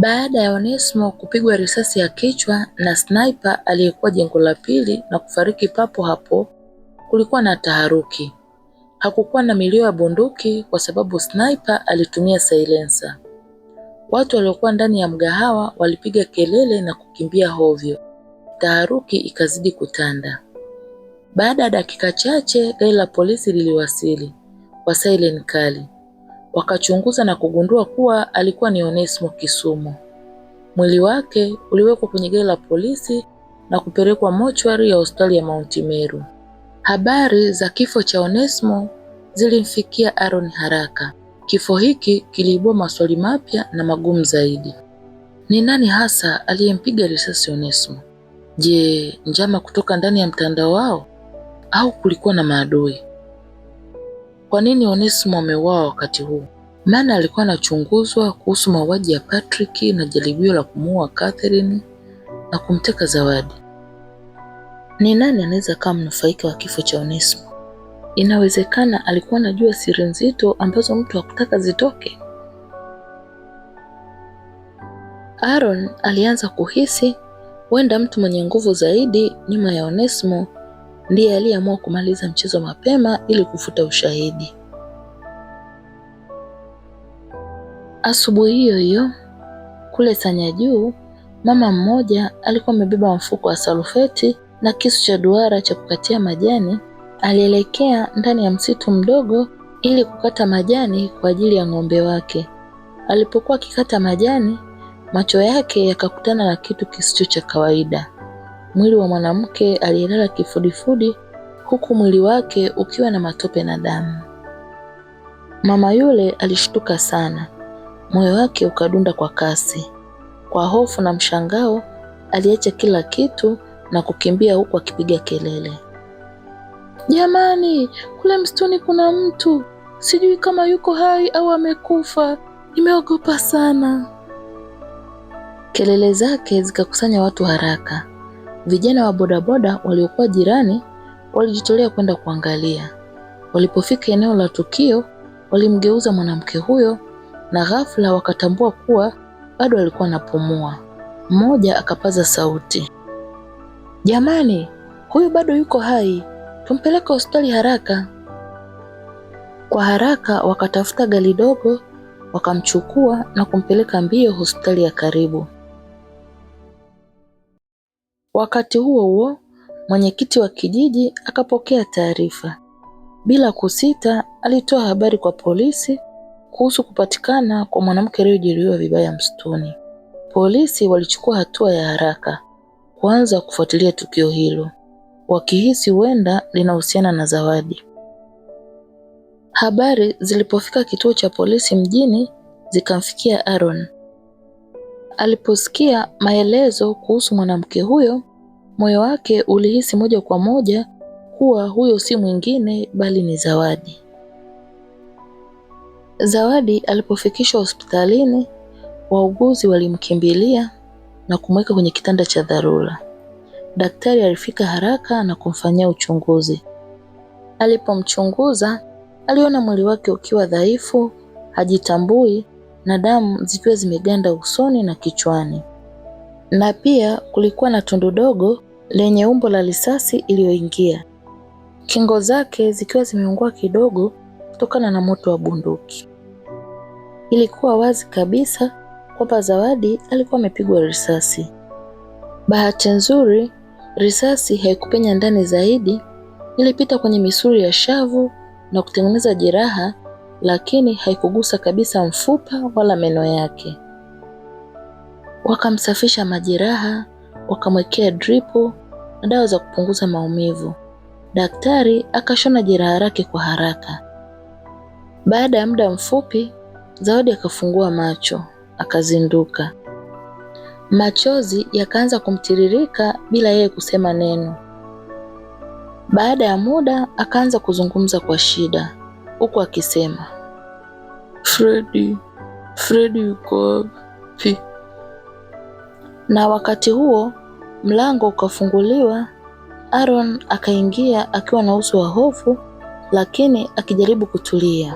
Baada ya Onesmo kupigwa risasi ya kichwa na sniper aliyekuwa jengo la pili na kufariki papo hapo, kulikuwa na taharuki. Hakukuwa na milio ya bunduki kwa sababu sniper alitumia silencer. Watu waliokuwa ndani ya mgahawa walipiga kelele na kukimbia hovyo. Taharuki ikazidi kutanda. Baada ya dakika chache, gari la polisi liliwasili kwa saileni kali wakachunguza na kugundua kuwa alikuwa ni Onesmo Kisumu. Mwili wake uliwekwa kwenye gari la polisi na kupelekwa mochwari ya hospitali ya Mount Meru. Habari za kifo cha Onesmo zilimfikia Aaron haraka. Kifo hiki kiliibua maswali mapya na magumu zaidi. Ni nani hasa aliyempiga risasi Onesmo? Je, njama kutoka ndani ya mtandao wao au kulikuwa na maadui? kwa nini Onesimo ameuawa wakati huu? Maana alikuwa anachunguzwa kuhusu mauaji ya Patrick na jaribio la kumuua Catherine na kumteka Zawadi. Ni nani anaweza kama mnufaika wa kifo cha Onesimo? Inawezekana alikuwa anajua siri nzito ambazo mtu hakutaka zitoke. Aaron alianza kuhisi huenda mtu mwenye nguvu zaidi nyuma ya Onesimo ndiye aliyeamua kumaliza mchezo mapema ili kufuta ushahidi. Asubuhi hiyo hiyo kule Sanya Juu, mama mmoja alikuwa amebeba mfuko wa salufeti na kisu cha duara cha kukatia majani. Alielekea ndani ya msitu mdogo ili kukata majani kwa ajili ya ng'ombe wake. Alipokuwa akikata majani, macho yake yakakutana na kitu kisicho cha kawaida mwili wa mwanamke aliyelala kifudifudi huku mwili wake ukiwa na matope na damu. Mama yule alishtuka sana, moyo wake ukadunda kwa kasi. Kwa hofu na mshangao, aliacha kila kitu na kukimbia huku akipiga kelele, jamani, kule msituni kuna mtu, sijui kama yuko hai au amekufa, nimeogopa sana. Kelele zake zikakusanya watu haraka. Vijana wa bodaboda waliokuwa jirani walijitolea kwenda kuangalia. Walipofika eneo la tukio, walimgeuza mwanamke huyo na ghafla wakatambua kuwa bado alikuwa anapumua. Mmoja akapaza sauti, jamani, huyu bado yuko hai, tumpeleke hospitali haraka. Kwa haraka wakatafuta gari dogo wakamchukua na kumpeleka mbio hospitali ya karibu. Wakati huo huo, mwenyekiti wa kijiji akapokea taarifa. Bila kusita, alitoa habari kwa polisi kuhusu kupatikana kwa mwanamke aliyejeruhiwa vibaya msituni. Polisi walichukua hatua ya haraka kuanza kufuatilia tukio hilo, wakihisi huenda linahusiana na Zawadi. Habari zilipofika kituo cha polisi mjini zikamfikia Aaron Aliposikia maelezo kuhusu mwanamke huyo, moyo wake ulihisi moja kwa moja kuwa huyo si mwingine bali ni Zawadi. Zawadi alipofikishwa hospitalini, wauguzi walimkimbilia na kumweka kwenye kitanda cha dharura. Daktari alifika haraka na kumfanyia uchunguzi. Alipomchunguza, aliona mwili wake ukiwa dhaifu, hajitambui na damu zikiwa zimeganda usoni na kichwani. Na pia kulikuwa na tundu dogo lenye umbo la risasi iliyoingia, kingo zake zikiwa zimeungua kidogo kutokana na moto wa bunduki. Ilikuwa wazi kabisa kwamba Zawadi alikuwa amepigwa risasi. Bahati nzuri, risasi haikupenya ndani zaidi, ilipita kwenye misuli ya shavu na kutengeneza jeraha lakini haikugusa kabisa mfupa wala meno yake. Wakamsafisha majeraha, wakamwekea dripu na dawa za kupunguza maumivu. Daktari akashona jeraha lake kwa haraka. Baada ya muda mfupi, Zawadi akafungua macho, akazinduka. Machozi yakaanza kumtiririka bila yeye kusema neno. Baada ya muda, akaanza kuzungumza kwa shida huku akisema Fredi, Fredi yuko wapi? Na wakati huo mlango ukafunguliwa, Aaron akaingia akiwa na uso wa hofu, lakini akijaribu kutulia.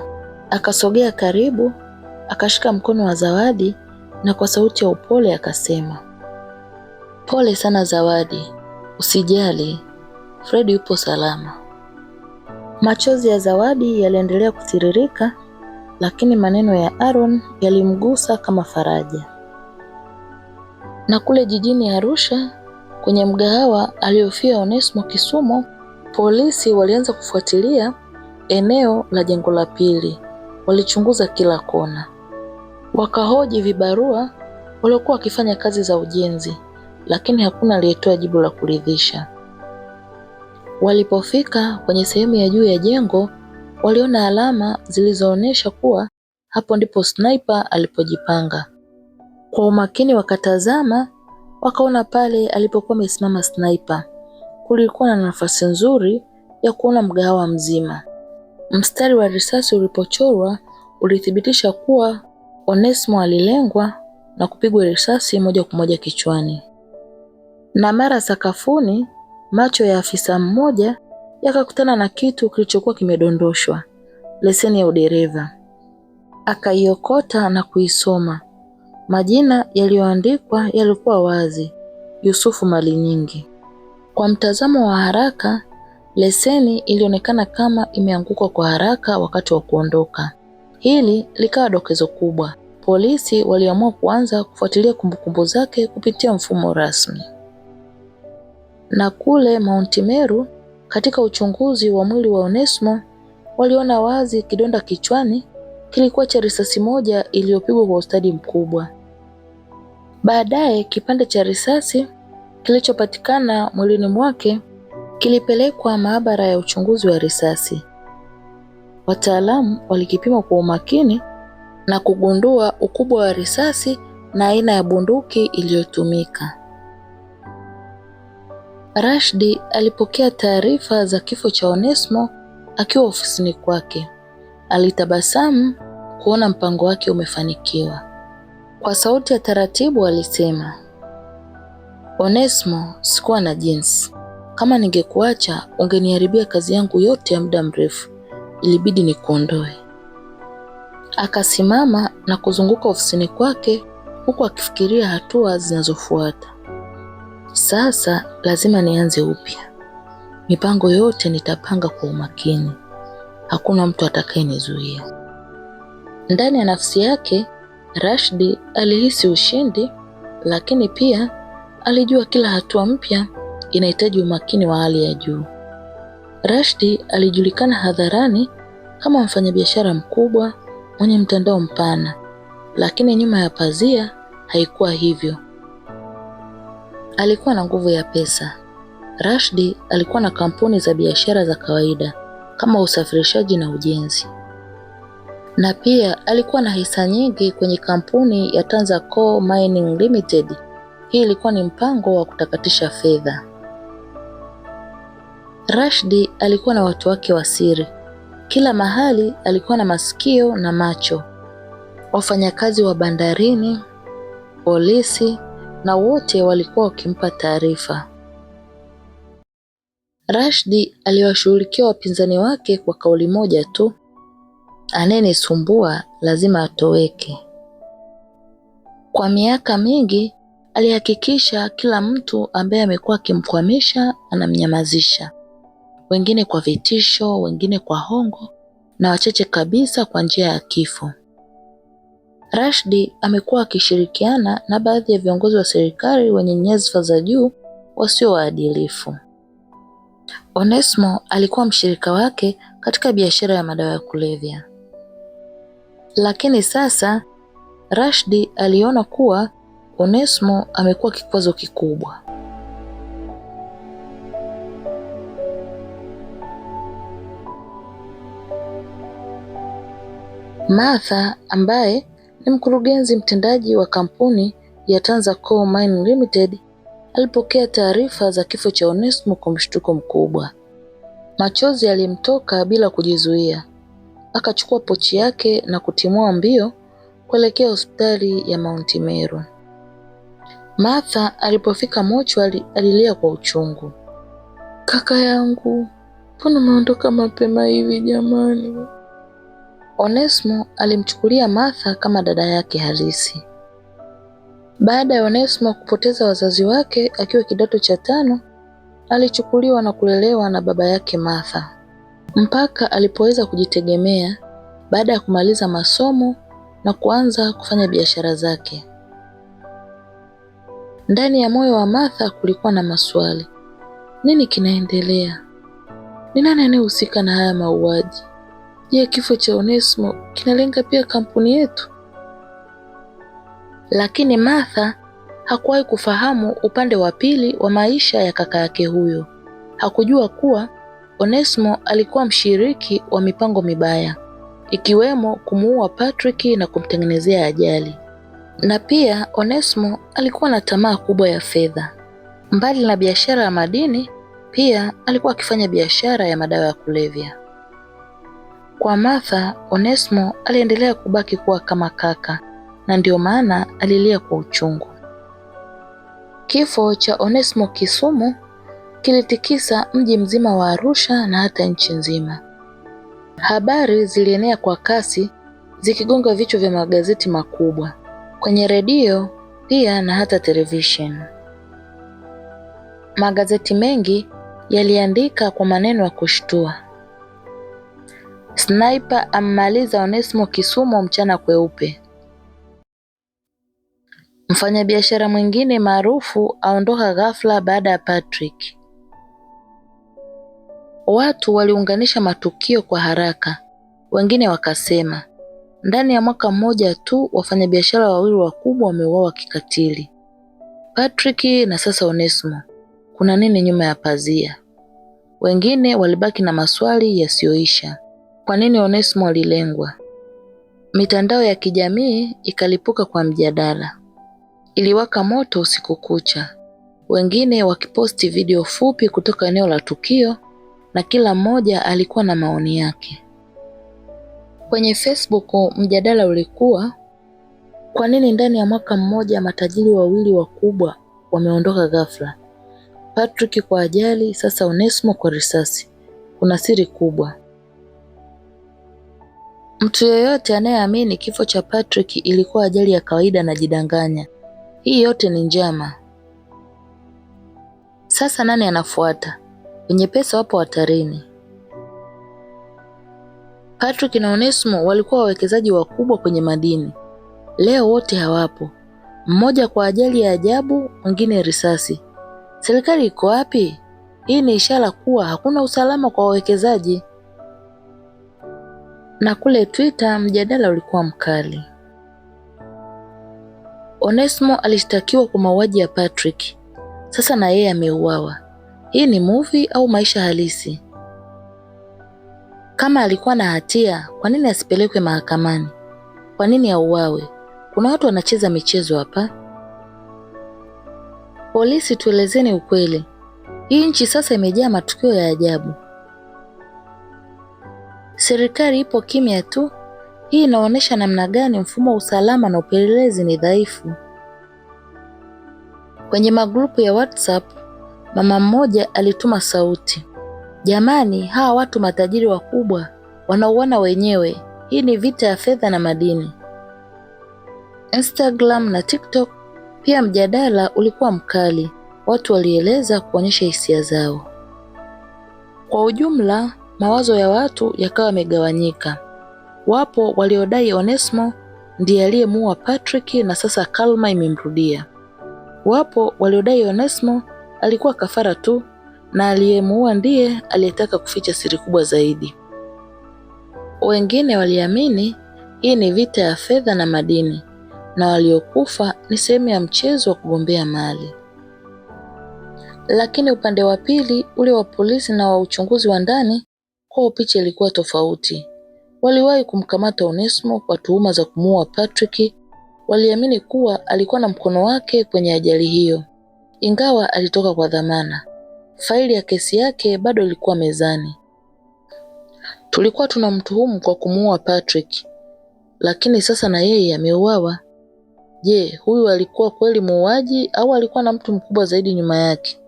Akasogea karibu, akashika mkono wa Zawadi na kwa sauti ya upole akasema, pole sana Zawadi, usijali, Fredi yupo salama. Machozi ya Zawadi yaliendelea kutiririka, lakini maneno ya Aaron yalimgusa kama faraja. Na kule jijini Arusha, kwenye mgahawa aliofia Onesmo Kisumo, polisi walianza kufuatilia eneo la jengo la pili. Walichunguza kila kona, wakahoji vibarua waliokuwa wakifanya kazi za ujenzi, lakini hakuna aliyetoa jibu la kuridhisha. Walipofika kwenye sehemu ya juu ya jengo, waliona alama zilizoonyesha kuwa hapo ndipo sniper alipojipanga. Kwa umakini wakatazama, wakaona pale alipokuwa amesimama sniper, kulikuwa na nafasi nzuri ya kuona mgahawa mzima. Mstari wa risasi ulipochorwa ulithibitisha kuwa Onesmo alilengwa na kupigwa risasi moja kwa moja kichwani, na mara sakafuni Macho ya afisa mmoja yakakutana na kitu kilichokuwa kimedondoshwa, leseni ya udereva. Akaiokota na kuisoma. Majina yaliyoandikwa yalikuwa wazi, Yusufu mali nyingi Kwa mtazamo wa haraka, leseni ilionekana kama imeanguka kwa haraka wakati wa kuondoka. Hili likawa dokezo kubwa. Polisi waliamua kuanza kufuatilia kumbukumbu zake kupitia mfumo rasmi na kule Mount Meru katika uchunguzi wa mwili wa Onesmo waliona wazi kidonda kichwani kilikuwa cha risasi moja iliyopigwa kwa ustadi mkubwa. Baadaye kipande cha risasi kilichopatikana mwilini mwake kilipelekwa maabara ya uchunguzi wa risasi. Wataalamu walikipima kwa umakini na kugundua ukubwa wa risasi na aina ya bunduki iliyotumika. Rashdi alipokea taarifa za kifo cha Onesmo akiwa ofisini kwake. Alitabasamu kuona mpango wake umefanikiwa. Kwa sauti ya taratibu alisema, Onesmo, sikuwa na jinsi. Kama ningekuacha ungeniharibia kazi yangu yote ya muda mrefu. Ilibidi nikuondoe. Akasimama na kuzunguka ofisini kwake huku akifikiria hatua zinazofuata. Sasa lazima nianze upya. Mipango yote nitapanga kwa umakini, hakuna mtu atakayenizuia. Ndani ya nafsi yake Rashdi alihisi ushindi, lakini pia alijua kila hatua mpya inahitaji umakini wa hali ya juu. Rashdi alijulikana hadharani kama mfanyabiashara mkubwa mwenye mtandao mpana, lakini nyuma ya pazia haikuwa hivyo. Alikuwa na nguvu ya pesa. Rashdi alikuwa na kampuni za biashara za kawaida kama usafirishaji na ujenzi, na pia alikuwa na hisa nyingi kwenye kampuni ya Tanza Coal Mining Limited. Hii ilikuwa ni mpango wa kutakatisha fedha. Rashdi alikuwa na watu wake wa siri. Kila mahali alikuwa na masikio na macho: wafanyakazi wa bandarini, polisi na wote walikuwa wakimpa taarifa. Rashdi aliwashughulikia wapinzani wake kwa kauli moja tu, anayenisumbua lazima atoweke. Kwa miaka mingi alihakikisha kila mtu ambaye amekuwa akimkwamisha anamnyamazisha, wengine kwa vitisho, wengine kwa hongo na wachache kabisa kwa njia ya kifo rashdi amekuwa akishirikiana na baadhi ya viongozi wa serikali wenye nyadhifa za juu wasio waadilifu. Onesmo alikuwa mshirika wake katika biashara ya madawa ya kulevya, lakini sasa rashdi aliona kuwa Onesmo amekuwa kikwazo kikubwa. Martha ambaye ni mkurugenzi mtendaji wa kampuni ya Tanzacoal Mine Limited alipokea taarifa za kifo cha Onesmo kwa mshtuko mkubwa. Machozi yalimtoka bila kujizuia, akachukua pochi yake na kutimua mbio kuelekea hospitali ya Mount Meru. Martha alipofika mochwari alilia kwa uchungu, kaka yangu, mbona umeondoka mapema hivi jamani? Onesmo alimchukulia Martha kama dada yake halisi. Baada ya Onesmo kupoteza wazazi wake akiwa kidato cha tano, alichukuliwa na kulelewa na baba yake Martha mpaka alipoweza kujitegemea baada ya kumaliza masomo na kuanza kufanya biashara zake. Ndani ya moyo wa Martha kulikuwa na maswali: nini kinaendelea? Ni nani anayehusika na haya mauaji? Je, kifo cha Onesmo kinalenga pia kampuni yetu? Lakini Martha hakuwahi kufahamu upande wa pili wa maisha ya kaka yake huyo. Hakujua kuwa Onesimo alikuwa mshiriki wa mipango mibaya, ikiwemo kumuua Patrick na kumtengenezea ajali. Na pia Onesmo alikuwa na tamaa kubwa ya fedha. Mbali na biashara ya madini, pia alikuwa akifanya biashara ya madawa ya kulevya. Kwa Martha, Onesmo aliendelea kubaki kuwa kama kaka na ndiyo maana alilia kwa uchungu. Kifo cha Onesmo Kisumu kilitikisa mji mzima wa Arusha na hata nchi nzima. Habari zilienea kwa kasi zikigonga vichwa vya magazeti makubwa, kwenye redio pia na hata television. Magazeti mengi yaliandika kwa maneno ya kushtua. Sniper ammaliza Onesmo kisumo mchana kweupe. Mfanyabiashara mwingine maarufu aondoka ghafla baada ya Patrick. Watu waliunganisha matukio kwa haraka, wengine wakasema ndani ya mwaka mmoja tu wafanyabiashara wawili wakubwa wameuawa kikatili, Patrick na sasa onesimo Kuna nini nyuma ya pazia? Wengine walibaki na maswali yasiyoisha. Kwa nini Onesmo alilengwa? Mitandao ya kijamii ikalipuka kwa mjadala. Iliwaka moto usiku kucha, wengine wakiposti video fupi kutoka eneo la tukio, na kila mmoja alikuwa na maoni yake. Kwenye Facebook mjadala ulikuwa kwa nini ndani ya mwaka mmoja matajiri wawili wakubwa wameondoka ghafla? Patrick kwa ajali, sasa onesimo kwa risasi. Kuna siri kubwa. Mtu yeyote anayeamini kifo cha Patrick ilikuwa ajali ya kawaida anajidanganya. Hii yote ni njama. Sasa nani anafuata? Wenye pesa wapo hatarini. Patrick na Onesmo walikuwa wawekezaji wakubwa kwenye madini. Leo wote hawapo, mmoja kwa ajali ya ajabu, mwingine risasi. Serikali iko wapi? Hii ni ishara kuwa hakuna usalama kwa wawekezaji na kule Twitter mjadala ulikuwa mkali. Onesmo alishtakiwa kwa mauaji ya Patrick, sasa na yeye ameuawa. Hii ni movie au maisha halisi? Kama alikuwa na hatia, kwa nini asipelekwe mahakamani? Kwa nini auawe? Kuna watu wanacheza michezo hapa. Polisi, tuelezeni ukweli. Hii nchi sasa imejaa matukio ya ajabu. Serikali ipo kimya tu. Hii inaonyesha namna gani mfumo wa usalama na upelelezi ni dhaifu. Kwenye magrupu ya WhatsApp, mama mmoja alituma sauti, jamani, hawa watu matajiri wakubwa wanauona wenyewe, hii ni vita ya fedha na madini. Instagram na TikTok pia mjadala ulikuwa mkali, watu walieleza kuonyesha hisia zao. Kwa ujumla, Mawazo ya watu yakawa yamegawanyika. Wapo waliodai Onesmo ndiye aliyemuua Patrick na sasa Kalma imemrudia. Wapo waliodai Onesmo alikuwa kafara tu na aliyemuua ndiye aliyetaka kuficha siri kubwa zaidi. Wengine waliamini hii ni vita ya fedha na madini na waliokufa ni sehemu ya mchezo wa kugombea mali. Lakini upande wa pili ule wa polisi na wa uchunguzi wa ndani kwao picha ilikuwa tofauti. Waliwahi kumkamata Onesmo kwa tuhuma za kumuua Patrick. Waliamini kuwa alikuwa na mkono wake kwenye ajali hiyo, ingawa alitoka kwa dhamana. Faili ya kesi yake bado ilikuwa mezani. Tulikuwa tunamtuhumu kwa kumuua Patrick, lakini sasa na yeye ameuawa. Je, huyu alikuwa kweli muuaji au alikuwa na mtu mkubwa zaidi nyuma yake?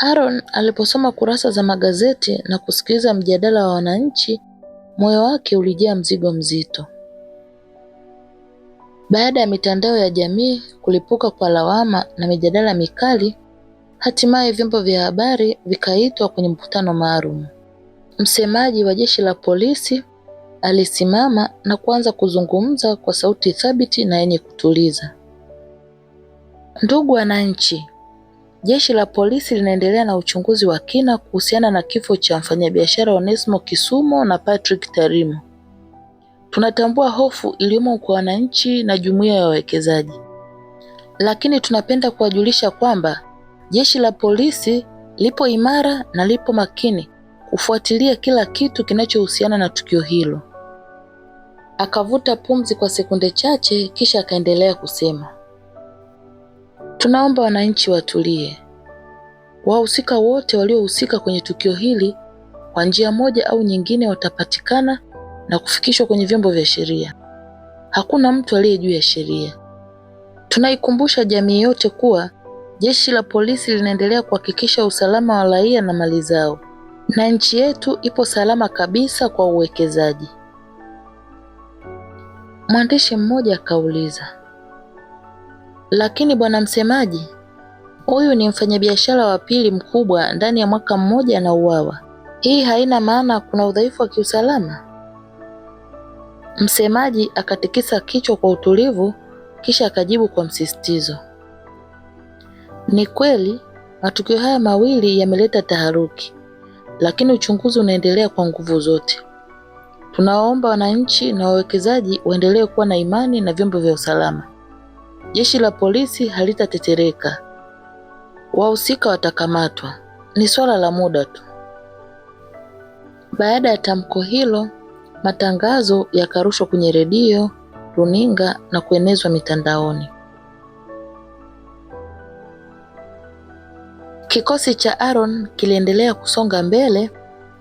Aaron aliposoma kurasa za magazeti na kusikiliza mjadala wa wananchi, moyo wake ulijaa mzigo mzito. Baada ya mitandao ya jamii kulipuka kwa lawama na mijadala mikali, hatimaye vyombo vya habari vikaitwa kwenye mkutano maalum. Msemaji wa jeshi la polisi alisimama na kuanza kuzungumza kwa sauti thabiti na yenye kutuliza. Ndugu wananchi, Jeshi la polisi linaendelea na uchunguzi wa kina kuhusiana na kifo cha mfanyabiashara Onesmo Kisumo na Patrick Tarimo. Tunatambua hofu iliyomo kwa wananchi na jumuiya ya wawekezaji, lakini tunapenda kuwajulisha kwamba jeshi la polisi lipo imara na lipo makini kufuatilia kila kitu kinachohusiana na tukio hilo. Akavuta pumzi kwa sekunde chache, kisha akaendelea kusema Tunaomba wananchi watulie, wahusika wote waliohusika kwenye tukio hili kwa njia moja au nyingine watapatikana na kufikishwa kwenye vyombo vya sheria. Hakuna mtu aliye juu ya sheria. Tunaikumbusha jamii yote kuwa jeshi la polisi linaendelea kuhakikisha usalama wa raia na mali zao, na nchi yetu ipo salama kabisa kwa uwekezaji. Mwandishi mmoja akauliza lakini bwana msemaji, huyu ni mfanyabiashara wa pili mkubwa ndani ya mwaka mmoja na uwawa Hii haina maana kuna udhaifu wa kiusalama? Msemaji akatikisa kichwa kwa utulivu, kisha akajibu kwa msisitizo, ni kweli matukio haya mawili yameleta taharuki, lakini uchunguzi unaendelea kwa nguvu zote. Tunawaomba wananchi na wawekezaji waendelee kuwa na imani na vyombo vya usalama jeshi la polisi halitatetereka. Wahusika watakamatwa, ni swala la muda tu. Baada ya tamko hilo, matangazo yakarushwa kwenye redio, runinga na kuenezwa mitandaoni. Kikosi cha Aaron kiliendelea kusonga mbele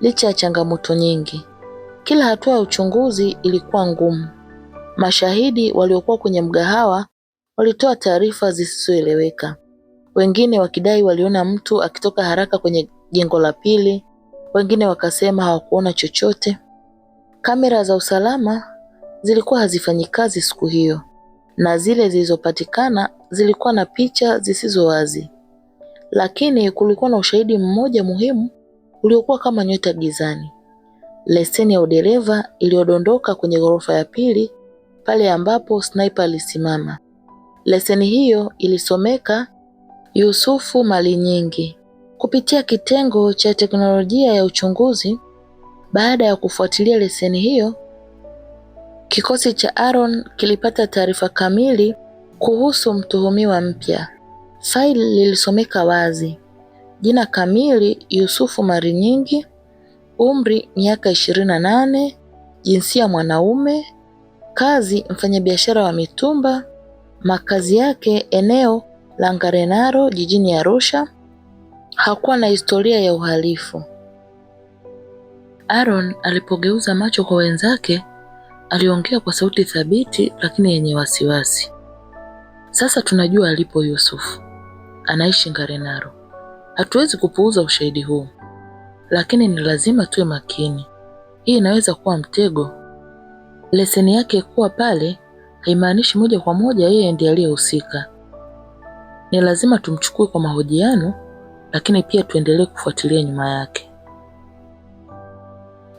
licha ya changamoto nyingi. Kila hatua ya uchunguzi ilikuwa ngumu. Mashahidi waliokuwa kwenye mgahawa walitoa taarifa zisizoeleweka, wengine wakidai waliona mtu akitoka haraka kwenye jengo la pili, wengine wakasema hawakuona chochote. Kamera za usalama zilikuwa hazifanyi kazi siku hiyo, na zile zilizopatikana zilikuwa na picha zisizo wazi, lakini kulikuwa na ushahidi mmoja muhimu uliokuwa kama nyota gizani: leseni ya udereva iliyodondoka kwenye ghorofa ya pili, pale ambapo sniper alisimama. Leseni hiyo ilisomeka Yusufu Mali Nyingi. Kupitia kitengo cha teknolojia ya uchunguzi, baada ya kufuatilia leseni hiyo, kikosi cha Aaron kilipata taarifa kamili kuhusu mtuhumiwa mpya. Faili lilisomeka wazi: jina kamili Yusufu Mali Nyingi, umri miaka 28, jinsia mwanaume, kazi mfanyabiashara wa mitumba, Makazi yake eneo la Ngarenaro jijini Arusha. Hakuwa na historia ya uhalifu. Aaron alipogeuza macho kwa wenzake, aliongea kwa sauti thabiti lakini yenye wasiwasi. Sasa tunajua alipo Yusuf. Anaishi Ngarenaro. Hatuwezi kupuuza ushahidi huu. Lakini ni lazima tuwe makini. Hii inaweza kuwa mtego. Leseni yake kuwa pale haimaanishi moja kwa moja yeye ndiye aliyehusika. Ni lazima tumchukue kwa mahojiano, lakini pia tuendelee kufuatilia nyuma yake.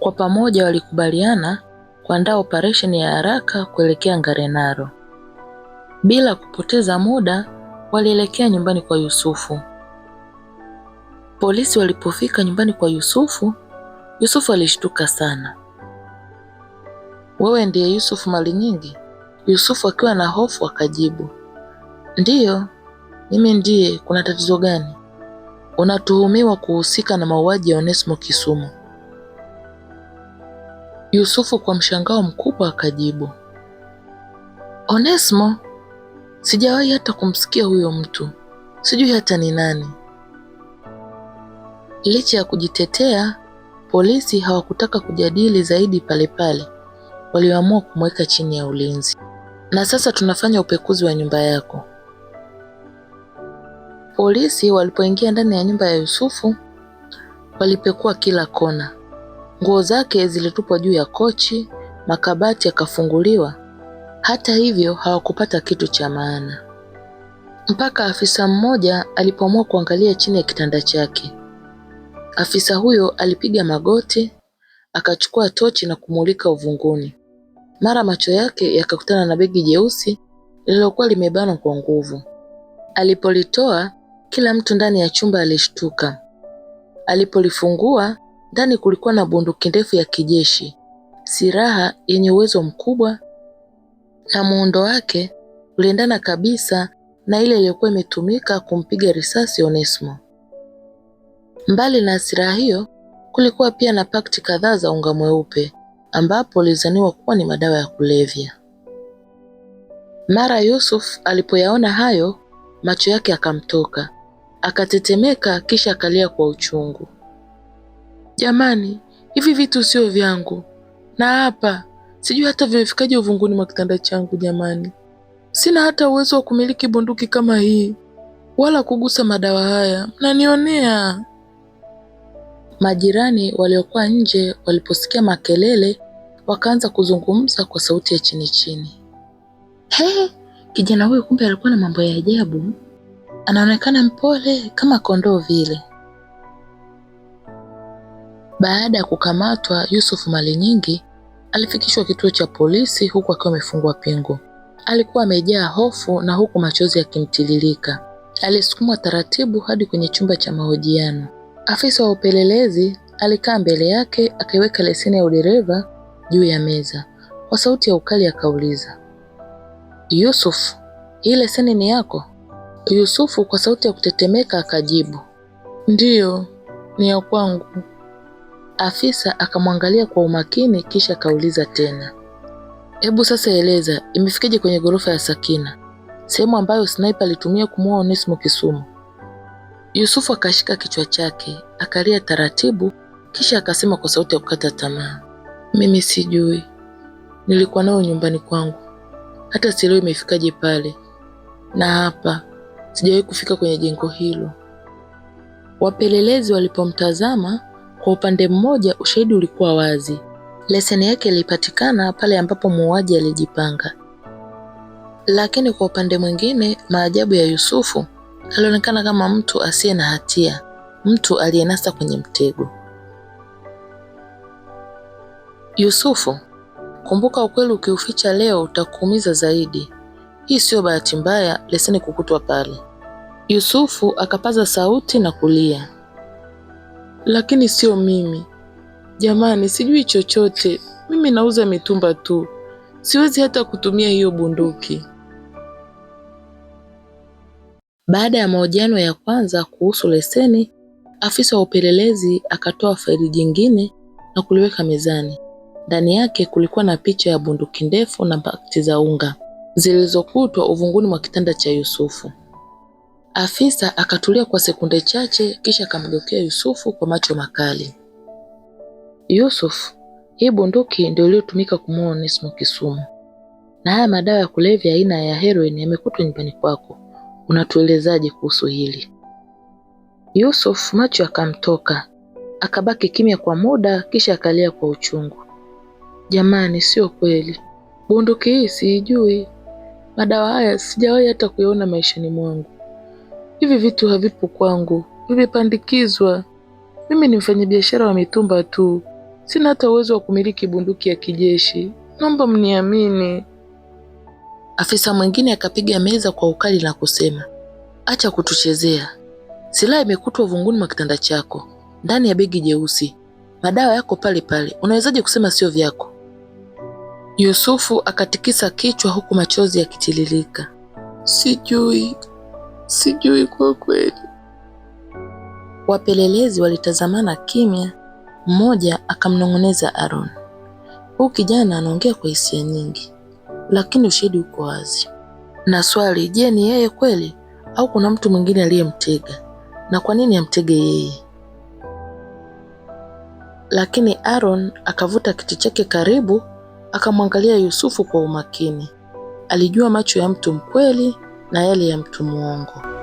Kwa pamoja walikubaliana kuandaa operesheni ya haraka kuelekea Ngarenaro. Bila kupoteza muda, walielekea nyumbani kwa Yusufu. Polisi walipofika nyumbani kwa Yusufu, Yusufu alishtuka sana. Wewe ndiye Yusufu mali nyingi Yusufu akiwa na hofu akajibu, ndiyo, mimi ndiye. Kuna tatizo gani? Unatuhumiwa kuhusika na mauaji ya Onesimo Kisumu. Yusufu kwa mshangao mkubwa akajibu, Onesimo? Sijawahi hata kumsikia huyo mtu, sijui hata ni nani. Licha ya kujitetea, polisi hawakutaka kujadili zaidi. Pale pale waliamua kumweka chini ya ulinzi na sasa tunafanya upekuzi wa nyumba yako. Polisi walipoingia ndani ya nyumba ya Yusufu walipekua kila kona. Nguo zake zilitupwa juu ya kochi, makabati yakafunguliwa. Hata hivyo, hawakupata kitu cha maana, mpaka afisa mmoja alipoamua kuangalia chini ya kitanda chake. Afisa huyo alipiga magoti, akachukua tochi na kumulika uvunguni. Mara macho yake yakakutana na begi jeusi lililokuwa limebanwa kwa nguvu. Alipolitoa, kila mtu ndani ya chumba alishtuka. Alipolifungua, ndani kulikuwa na bunduki ndefu ya kijeshi, silaha yenye uwezo mkubwa, na muundo wake uliendana kabisa na ile iliyokuwa imetumika kumpiga risasi Onesmo. Mbali na silaha hiyo, kulikuwa pia na pakti kadhaa za unga mweupe ambapo ilizaniwa kuwa ni madawa ya kulevya. Mara Yusuf alipoyaona hayo, macho yake akamtoka, akatetemeka, kisha akalia kwa uchungu, jamani, hivi vitu sio vyangu, na hapa sijui hata vimefikaje uvunguni mwa kitanda changu. Jamani, sina hata uwezo wa kumiliki bunduki kama hii wala kugusa madawa haya, mnanionea. Majirani waliokuwa nje waliposikia makelele wakaanza kuzungumza kwa sauti ya chini chini. He, kijana huyu kumbe alikuwa na mambo ya ajabu, anaonekana mpole kama kondoo vile. Baada ya kukamatwa, Yusuf nyingi alifikishwa kituo cha polisi huku akiwa amefungwa pingu. Alikuwa amejaa hofu na huku machozi yakimtililika Alisukumwa taratibu hadi kwenye chumba cha mahojiano. Afisa wa upelelezi alikaa mbele yake akaiweka leseni ya udereva juu ya meza. Kwa sauti ya ukali akauliza, Yusuf, hii leseni ni yako? Yusufu kwa sauti ya kutetemeka akajibu, ndiyo, ni ya kwangu. Afisa akamwangalia kwa umakini kisha akauliza tena, hebu sasa eleza, imefikije kwenye ghorofa ya Sakina, sehemu ambayo sniper alitumia kumuua Onesimo Kisumu? Yusufu akashika kichwa chake akalia taratibu, kisha akasema kwa sauti ya kukata tamaa, mimi sijui, nilikuwa nao nyumbani kwangu, hata sielewi imefikaje pale na hapa, sijawahi kufika kwenye jengo hilo. Wapelelezi walipomtazama kwa upande mmoja, ushahidi ulikuwa wazi, leseni yake ilipatikana pale ambapo muuaji alijipanga, lakini kwa upande mwingine, maajabu ya Yusufu alionekana kama mtu asiye na hatia, mtu aliyenasa kwenye mtego. Yusufu, kumbuka ukweli ukiuficha leo utakuumiza zaidi. Hii siyo bahati mbaya, leseni kukutwa pale. Yusufu akapaza sauti na kulia. Lakini sio mimi. Jamani, sijui chochote. Mimi nauza mitumba tu. Siwezi hata kutumia hiyo bunduki. Baada ya mahojiano ya kwanza kuhusu leseni, afisa wa upelelezi akatoa faili jingine na kuliweka mezani. Ndani yake kulikuwa na picha ya bunduki ndefu na pakiti za unga zilizokutwa uvunguni mwa kitanda cha Yusufu. Afisa akatulia kwa sekunde chache, kisha akamgeukia Yusufu kwa macho makali. Yusuf, hii bunduki ndio iliyotumika kumuua Onesimo Kisumu, na haya madawa ya kulevya aina ya heroin yamekutwa nyumbani kwako unatuelezaje kuhusu hili? Yusuf macho akamtoka, akabaki kimya kwa muda, kisha akalia kwa uchungu. Jamani, sio kweli, bunduki hii siijui, madawa haya sijawahi hata kuyaona maishani mwangu. Hivi vitu havipo kwangu, vimepandikizwa. Mimi ni mfanyabiashara wa mitumba tu, sina hata uwezo wa kumiliki bunduki ya kijeshi. Naomba mniamini. Afisa mwingine akapiga meza kwa ukali na kusema, acha kutuchezea, silaha imekutwa uvunguni mwa kitanda chako ndani ya begi jeusi, madawa yako pale pale, unawezaje kusema sio vyako? Yusufu akatikisa kichwa huku machozi yakitililika Sijui, sijui kwa kweli. Wapelelezi walitazamana kimya, mmoja akamnong'oneza Aaron, huu kijana anaongea kwa hisia nyingi lakini ushahidi uko wazi. Na swali, je, ni yeye kweli au kuna mtu mwingine aliyemtega? Na kwa nini amtege yeye? Lakini Aaron akavuta kiti chake karibu, akamwangalia Yusufu kwa umakini. Alijua macho ya mtu mkweli na yale ya mtu mwongo.